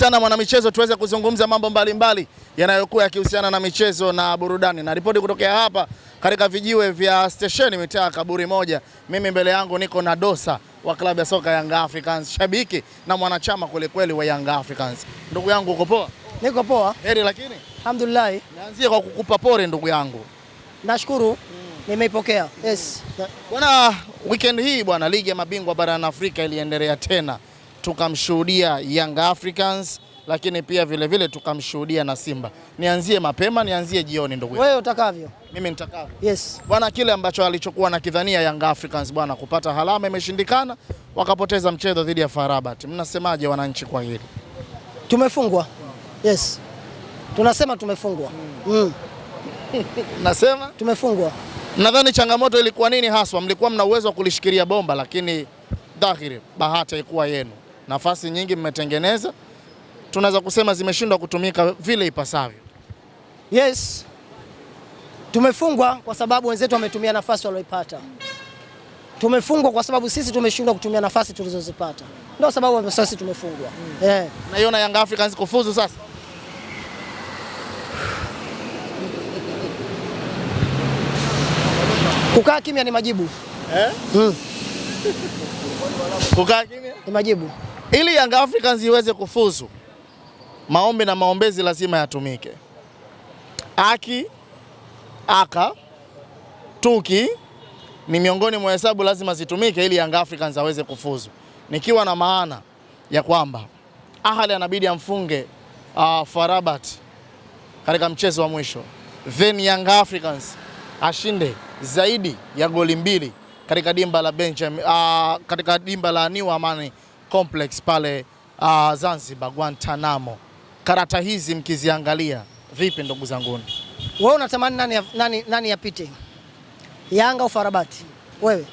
Tutana mwanamichezo tuweze kuzungumza mambo mbalimbali yanayokuwa yakihusiana na michezo na burudani na ripoti kutokea hapa katika vijiwe vya stesheni mitaa kaburi moja. Mimi mbele yangu niko na Dosa wa klabu ya soka Young Africans, shabiki na mwanachama kwelikweli wa Young Africans. Ndugu yangu uko poa? Niko poa. Heri lakini? Alhamdulillah. Naanzie kwa kukupa pole ndugu yangu. Nashukuru. Hmm. Nimeipokea. Yes. Bwana, weekend hii bwana, ligi ya mabingwa barani Afrika iliendelea tena tukamshuhudia Young Africans lakini pia vile vile tukamshuhudia na Simba. Nianzie mapema, nianzie jioni ndugu Wewe utakavyo. Mimi nitakavyo. Yes. Bwana kile ambacho alichokuwa na kidhania Young Africans bwana kupata halama imeshindikana, wakapoteza mchezo dhidi ya FAR Rabat. Mnasemaje wananchi kwa hili? Tumefungwa. Yes. Tunasema tumefungwa. Mm. Mm. Nasema tumefungwa. Nadhani changamoto ilikuwa nini haswa? Mlikuwa mna uwezo wa kulishikilia bomba, lakini dhahiri bahati haikuwa yenu nafasi nyingi mmetengeneza, tunaweza kusema zimeshindwa kutumika vile ipasavyo. Yes, tumefungwa kwa sababu wenzetu wametumia nafasi walioipata. Tumefungwa kwa sababu sisi tumeshindwa kutumia nafasi tulizozipata, ndio sababu sisi tumefungwa. Mm. Yeah. Naiona Yanga Africans kufuzu sasa kukaa kimya ni majibu eh? mm. kukaa kimya ni majibu. Ili Young Africans iweze kufuzu, maombi na maombezi lazima yatumike. Aki aka tuki ni miongoni mwa hesabu lazima zitumike ili Young Africans aweze kufuzu, nikiwa na maana ya kwamba Ahali anabidi amfunge uh, Farabat katika mchezo wa mwisho, then Young Africans ashinde zaidi ya goli mbili katika dimba la Benjamin, uh, katika dimba la New Amani complex pale uh, Zanzibar Guantanamo. Karata hizi mkiziangalia vipi, ndugu zanguni? Wewe unatamani nani, nani, nani yapite Yanga ufarabati wewe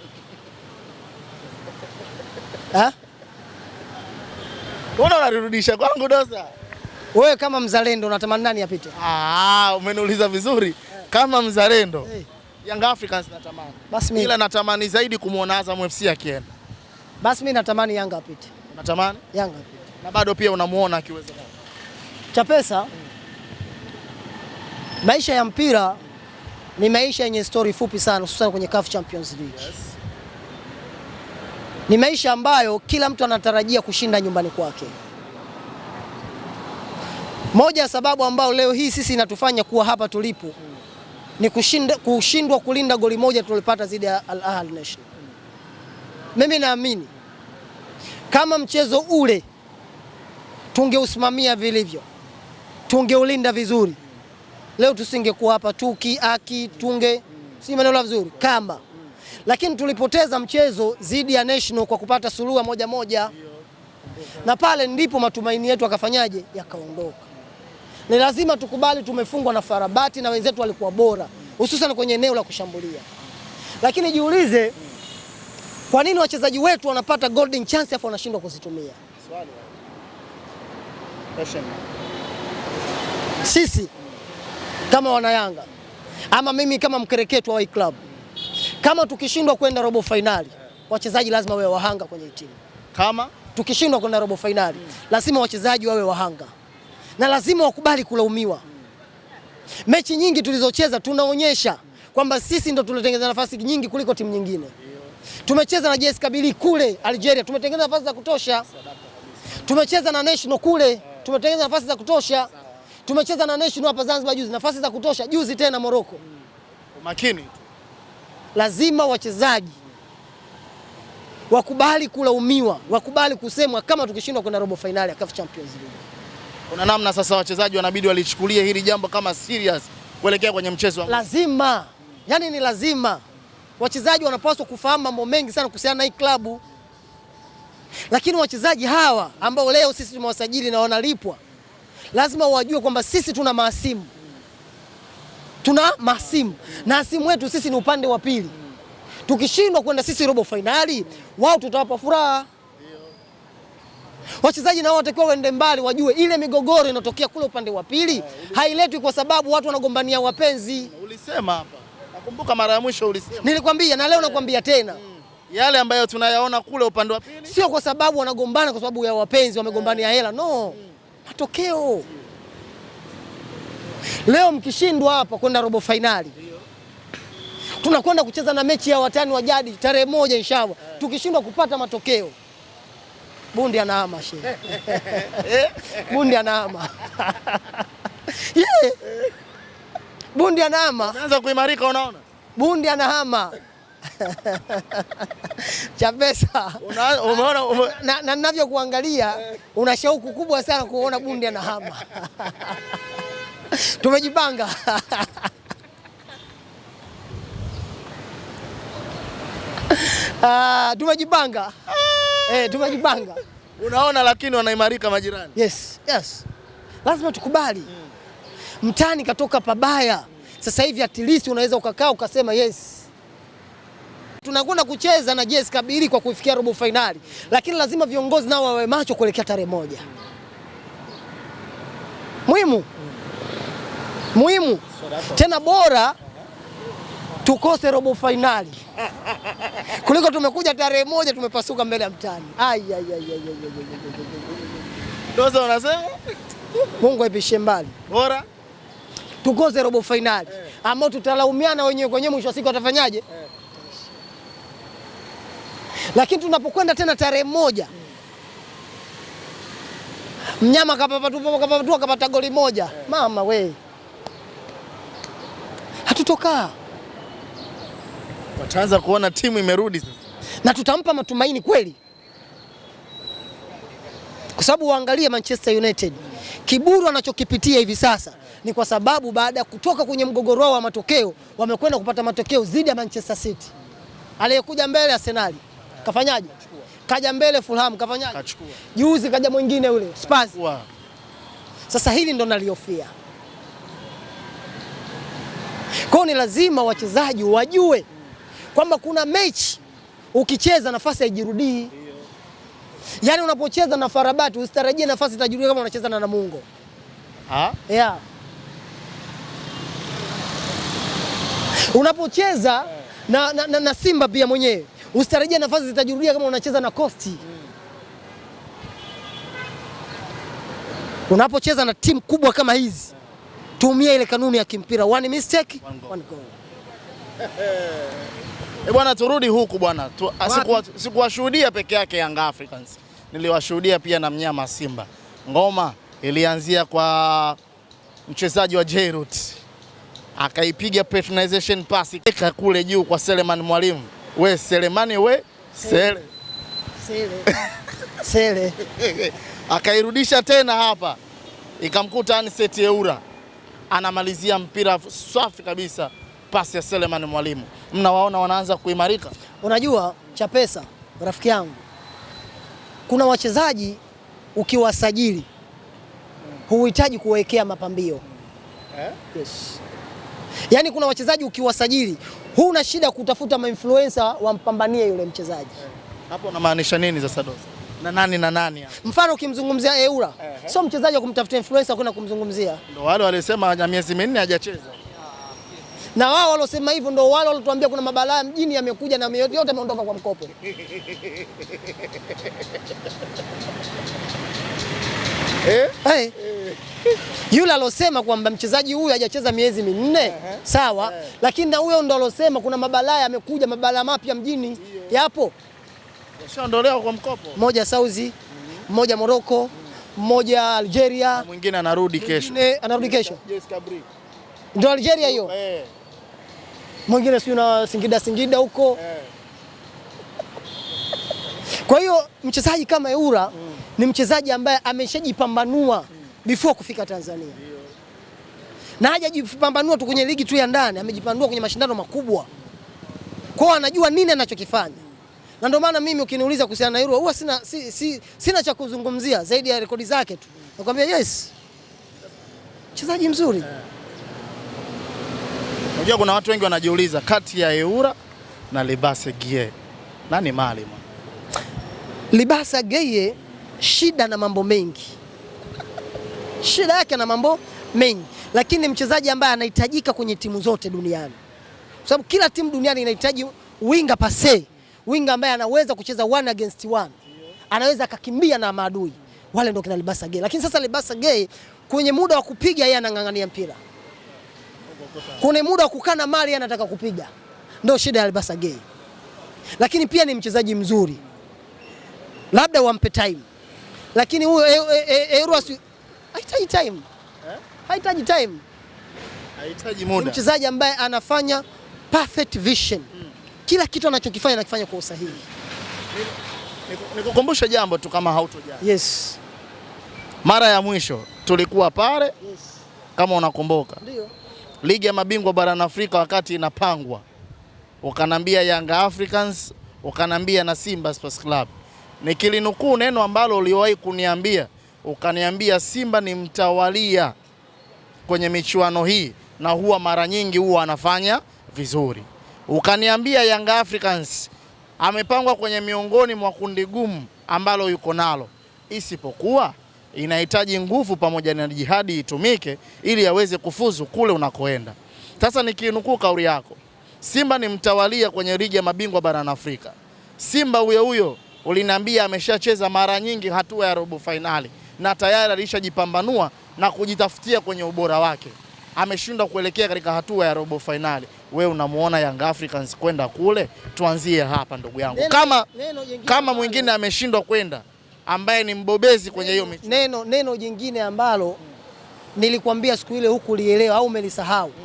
ha? Mbona unarudisha kwangu Dosa? Wewe kama mzalendo unatamani nani apite? Ah, umeniuliza vizuri Kama mzalendo hey. Yanga Africans natamani. Basi mimi ila natamani zaidi kumuona Azam FC akienda basi mimi natamani Yanga apite. Unatamani? Yanga apite. Na bado pia unamuona akiwezekana. Chapesa hmm. Maisha ya mpira ni maisha yenye stori fupi sana hususan kwenye CAF Champions League. Yes. Ni maisha ambayo kila mtu anatarajia kushinda nyumbani kwake. Moja ya sababu ambayo leo hii sisi inatufanya kuwa hapa tulipo hmm. ni kushindwa kulinda goli moja tulipata zidi ya Al Ahly National. Mimi naamini kama mchezo ule tungeusimamia vilivyo, tungeulinda vizuri, leo tusingekuwa hapa tuki aki tunge si maneno vizuri kamba, lakini tulipoteza mchezo dhidi ya National kwa kupata suluha moja moja, na pale ndipo matumaini yetu akafanyaje, yakaondoka. Ni lazima tukubali, tumefungwa na farabati na wenzetu walikuwa bora, hususan kwenye eneo la kushambulia, lakini jiulize kwa nini wachezaji wetu wanapata golden chance afu wanashindwa kuzitumia? Sisi kama wanayanga ama mimi kama mkereketwa wa club, kama tukishindwa kwenda robo fainali, wachezaji lazima wawe wahanga kwenye timu. Kama tukishindwa kwenda robo fainali, lazima wachezaji wawe wahanga na lazima wakubali kulaumiwa. Mechi nyingi tulizocheza tunaonyesha kwamba sisi ndo tunatengeneza nafasi nyingi kuliko timu nyingine. Tumecheza na JS Kabili kule Algeria, tumetengeneza nafasi za kutosha. Tumecheza na National kule, tumetengeneza nafasi za kutosha. Tumecheza na National hapa Zanzibar juzi, nafasi za kutosha. Juzi tena Morocco. makini lazima wachezaji wakubali kulaumiwa, wakubali kusemwa kama tukishindwa kwenda robo finali ya CAF Champions League. Kuna namna sasa wachezaji wanabidi walichukulie hili jambo kama serious kuelekea kwenye mchezo. Lazima. Yaani ni lazima. Wachezaji wanapaswa kufahamu mambo mengi sana kuhusiana na hii klabu, lakini wachezaji hawa ambao leo sisi tumewasajili na wanalipwa, lazima wajue kwamba sisi tuna mahasimu, tuna mahasimu na hasimu wetu sisi ni upande wa pili. Tukishindwa kwenda sisi robo fainali, wao tutawapa furaha. Wachezaji nao watakiwa waende mbali, wajue ile migogoro inatokea kule upande wa pili hailetwi kwa sababu watu wanagombania wapenzi. Ulisema hapa Nakumbuka mara ya mwisho ulisema. Nilikwambia na leo nakwambia tena mm. yale ambayo tunayaona kule upande wa pili, sio kwa sababu wanagombana kwa sababu ya wapenzi wamegombania hela, no, mm. matokeo. Leo mkishindwa hapa kwenda robo fainali, tunakwenda kucheza na mechi ya watani wa jadi tarehe moja inshallah. Eh. Tukishindwa kupata matokeo, bundi anahama shehe, bundi anahama yeah bundi anahama. Anaanza kuimarika unaona? Bundi anahama. Chapesa, umeona na ninavyokuangalia una shauku kubwa sana kuona bundi anahama. Tumejipanga. Ah, tumejipanga. Eh, tumejipanga. Unaona, lakini wanaimarika majirani. Yes, yes. Lazima tukubali. Mm mtani katoka pabaya. Sasa hivi at least unaweza ukakaa ukasema yes tunakwenda kucheza na JS Kabylie kwa kufikia robo fainali, lakini lazima viongozi nao wawe macho kuelekea tarehe moja. Muhimu muhimu tena, bora tukose robo fainali kuliko tumekuja tarehe moja tumepasuka mbele ya mtani. Ndio wanasema Mungu aipishe mbali bora tukoze robo fainali eh, ambao tutalaumiana wenyewe kwenyewe, mwisho wa siku atafanyaje? Eh, lakini tunapokwenda tena tarehe moja mm, mnyama kapapatua kapata goli moja eh, mama we hatutokaa, wataanza kuona timu imerudi sasa, na tutampa matumaini kweli, kwa sababu waangalie Manchester United kiburu anachokipitia hivi sasa ni kwa sababu baada ya kutoka kwenye mgogoro wao wa matokeo wamekwenda kupata matokeo dhidi ya Manchester City. Aliyekuja mbele Arsenal kafanyaje? Kaja mbele Fulham kafanyaje? Kachukua. Juzi kaja mwingine ule Spurs. Sasa hili ndo nalihofia. Kwa ni lazima wachezaji wajue kwamba kuna mechi ukicheza nafasi haijirudii. Yaani unapocheza na Farabati usitarajie nafasi itajirudia kama unacheza na Namungo. Ah? Yeah. unapocheza na, na, na, na Simba pia mwenyewe usitarajia nafasi zitajirudia kama unacheza na kosti Unapocheza na timu kubwa kama hizi, tumia ile kanuni ya kimpira, one mistake one goal. E bwana, turudi huku bwana tu, ah, sikuwashuhudia peke yake Young Africans, niliwashuhudia pia na mnyama Simba. Ngoma ilianzia kwa mchezaji wa Jairut akaipiga patronization pasi kule juu kwa Seleman Mwalimu. We Selemani we sele, sele. sele. akairudisha tena hapa ikamkuta Anicet Eura anamalizia mpira safi kabisa, pasi ya Seleman Mwalimu. Mnawaona wanaanza kuimarika. Unajua Chapesa, rafiki yangu, kuna wachezaji ukiwasajili huhitaji kuwekea mapambio eh? yes. Yaani kuna wachezaji ukiwasajili, huna shida kutafuta mainfluencer wampambanie yule mchezaji. Eh, hapo unamaanisha nini sasa Dosa? Na nani na nani hapo? Mfano ukimzungumzia Eura, eh, eh. sio mchezaji wa kumtafuta influencer kwenda kumzungumzia. Ndio wale walisema ana miezi minne hajacheza. Na wao walosema hivyo ndio wale walotuambia kuna mabalaa mjini yamekuja na yote yameondoka kwa mkopo. eh? Hey. Eh. Yule alosema kwamba mchezaji huyu hajacheza miezi minne sawa, eh. Lakini na huyo ndo alosema kuna mabalaa yamekuja, mabalaa mapya mjini yeah. Yapo yashaondolewa kwa mkopo, mmoja Saudi, mm -hmm. Morocco mm -hmm. mmoja Algeria, mwingine anarudi kesho, anarudi kesho ndio Algeria hiyo eh. Mwingine sio na Singida, Singida huko eh. Kwa hiyo mchezaji kama Eura mm ni mchezaji ambaye ameshajipambanua before kufika Tanzania na hajajipambanua tu kwenye ligi tu ya ndani, amejipambanua kwenye mashindano makubwa, kwao anajua nini anachokifanya, na ndio maana mimi ukiniuliza kuhusiana na hilo huwa sina, si, si, sina cha kuzungumzia zaidi ya rekodi zake tu. Nakwambia yes, mchezaji mzuri. Unajua kuna watu wengi wanajiuliza kati ya Eura na Libase Gie nani mali? Libasa Gie shida na mambo mengi, shida yake na mambo mengi, lakini mchezaji ambaye anahitajika kwenye timu zote duniani, kwa sababu kila timu duniani inahitaji winga pase, winga ambaye anaweza kucheza one against one, anaweza akakimbia na maadui wale, ndio kina Libasa Gay. Lakini sasa Libasa Gay kwenye muda wa kupiga yeye anang'ang'ania mpira, kwenye muda wa kukana mali yeye anataka kupiga, ndio shida ya Libasa Gay. Lakini pia ni mchezaji mzuri, labda wampe time lakini huyo e- e- e- Eruasi hahitaji time, eh? hahitaji time, hahitaji muda. Mchezaji ambaye anafanya perfect vision, hmm. kila kitu anachokifanya anakifanya kwa usahihi. Nikukumbusha jambo tu kama hautojali. Yes. Mara ya mwisho tulikuwa pale. Yes. Kama unakumbuka. Ndio. Ligi ya mabingwa barani Afrika wakati inapangwa, ukanambia Young Africans, ukanambia na Simba Sports Club nikilinukuu neno ambalo uliwahi kuniambia, ukaniambia Simba ni mtawalia kwenye michuano hii na huwa mara nyingi huwa anafanya vizuri. Ukaniambia Young Africans amepangwa kwenye miongoni mwa kundi gumu ambalo yuko nalo, isipokuwa inahitaji nguvu pamoja na jihadi itumike ili aweze kufuzu kule unakoenda. Sasa nikinukuu kauli yako, Simba ni mtawalia kwenye ligi ya mabingwa barani Afrika. Simba huyo huyo uliniambia ameshacheza mara nyingi hatua ya robo fainali na tayari alishajipambanua na kujitafutia kwenye ubora wake, ameshindwa kuelekea katika hatua ya robo fainali. We unamuona Young Africans kwenda kule? Tuanzie hapa ndugu yangu neno, kama, neno kama mwingine ameshindwa kwenda ambaye ni mbobezi kwenye hiyo michezo. Neno, neno jingine ambalo nilikwambia siku ile huku lielewa au umelisahau? Hmm.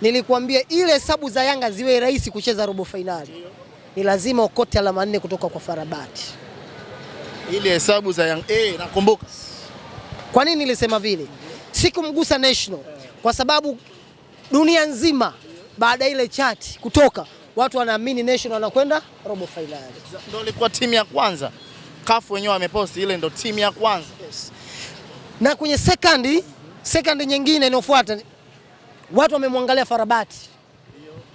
Nilikwambia ile sabu za Yanga ziwe rahisi kucheza robo fainali ni lazima ukote alama nne kutoka kwa Farabati. Ile hesabu za Young eh, nakumbuka. Kwa nini nilisema vile? Sikumgusa National kwa sababu dunia nzima baada ya ile chati kutoka watu wanaamini National anakwenda robo finali. Ndio ilikuwa timu ya kwanza. Kafu wenyewe wameposti ile ndio timu ya kwanza. Yes. Na kwenye second, second nyingine inayofuata watu wamemwangalia Farabati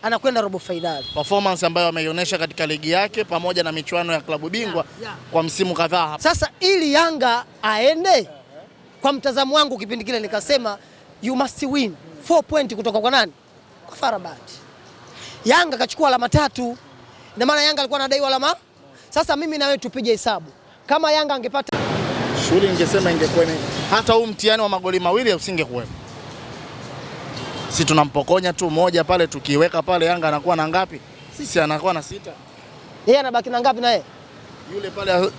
anakwenda robo fainali. Performance ambayo ameionyesha katika ligi yake pamoja na michuano ya klabu bingwa yeah, yeah, kwa msimu kadhaa hapa. Sasa ili Yanga aende, kwa mtazamo wangu kipindi kile nikasema you must win 4 point kutoka kwa nani? Kwa Farabat. Yanga kachukua alama tatu, na maana Yanga alikuwa anadaiwa alama. Sasa mimi na wewe tupige hesabu, kama Yanga angepata shughuli, ingesema ingekuwa hata huu mtihani wa magoli mawili usingekuwepo si tunampokonya tu moja pale, tukiweka pale Yanga anakuwa na ngapi? Sisi anakuwa na sita, yeye anabaki na ngapi? Naye yule pale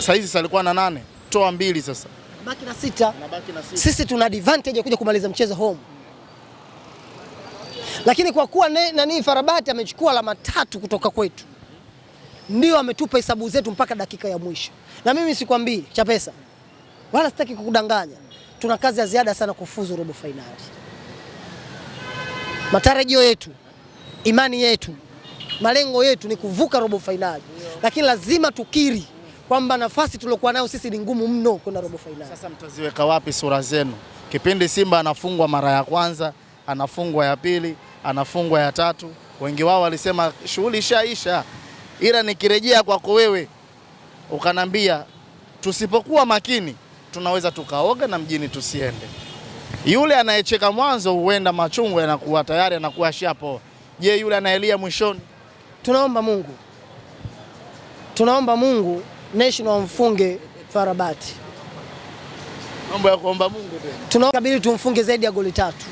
saizi alikuwa na nane, toa mbili sasa baki na sita. Anabaki na sita. Sisi tuna advantage ya kuja kumaliza mchezo home lakini kwa kuwa ne, nani Farabati amechukua alama tatu kutoka kwetu, ndio ametupa hesabu zetu mpaka dakika ya mwisho. Na mimi sikwambii cha pesa, wala sitaki kukudanganya, tuna kazi ya ziada sana kufuzu robo fainali. Matarajio yetu, imani yetu, malengo yetu ni kuvuka robo fainali, lakini lazima tukiri kwamba nafasi tuliokuwa nayo sisi ni ngumu mno kwenda robo fainali. Sasa mtaziweka wapi sura zenu kipindi Simba anafungwa mara ya kwanza, anafungwa ya pili, anafungwa ya tatu? Wengi wao walisema shughuli ishaisha, ila nikirejea kwako wewe ukanambia tusipokuwa makini tunaweza tukaoga na mjini tusiende. Yule anayecheka mwanzo huenda machungu yanakuwa tayari anakuwa shapo. Je, yule anayelia mwishoni? Tunaomba Mungu, tunaomba Mungu national mfunge Farabati. Mambo ya kuomba Mungu tena. Tunakabili tumfunge zaidi ya goli tatu.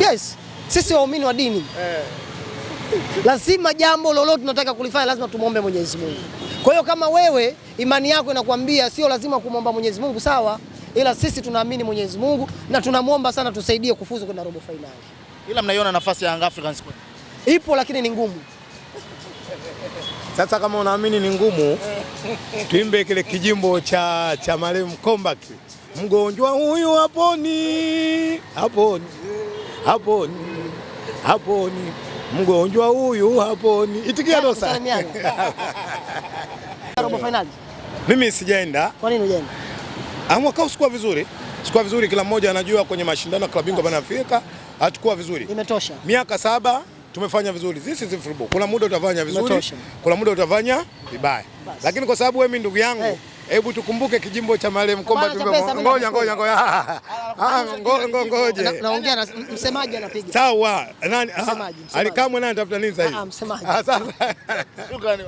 Mm. Yes, sisi waumini wa dini eh. Lazima jambo lolote tunataka kulifanya lazima tumwombe Mwenyezi Mungu. Kwa hiyo kama wewe imani yako inakwambia sio lazima kumwomba Mwenyezi Mungu, sawa ila sisi tunaamini Mwenyezi Mungu na tunamwomba sana tusaidie kufuzu kwenda robo finali. Ila mnaiona nafasi ya Young Africans ipo, lakini ni ngumu. Sasa kama unaamini ni ngumu, tuimbe kile kijimbo cha, cha marehemu Komba, mgonjwa huyu haponi, haponi, haponi, haponi, mgonjwa huyu haponi. Itikia dosa robo Mimi sijaenda. Kwa nini hujaenda? Ah, mwaka huu sikuwa vizuri, sikuwa vizuri, kila mmoja anajua kwenye mashindano ya klabu bingwa barani Afrika hatukuwa vizuri. Imetosha. Miaka saba tumefanya vizuri. This is football. Kuna muda utafanya vizuri, Imetosha. Kuna muda utafanya vibaya. Lakini kwa sababu wewe mimi ndugu yangu hey. Eh. Hebu tukumbuke kijimbo cha marehemu Komba. Ngoja ngoja ngoja, Ah, ngoja ngoja ngoja. naongea na msemaji anapiga. Sawa, nani ah, alikamwe, nani anatafuta nini sasa hivi? Ah, Ah, msemaji. Ah, sasa. Shukrani.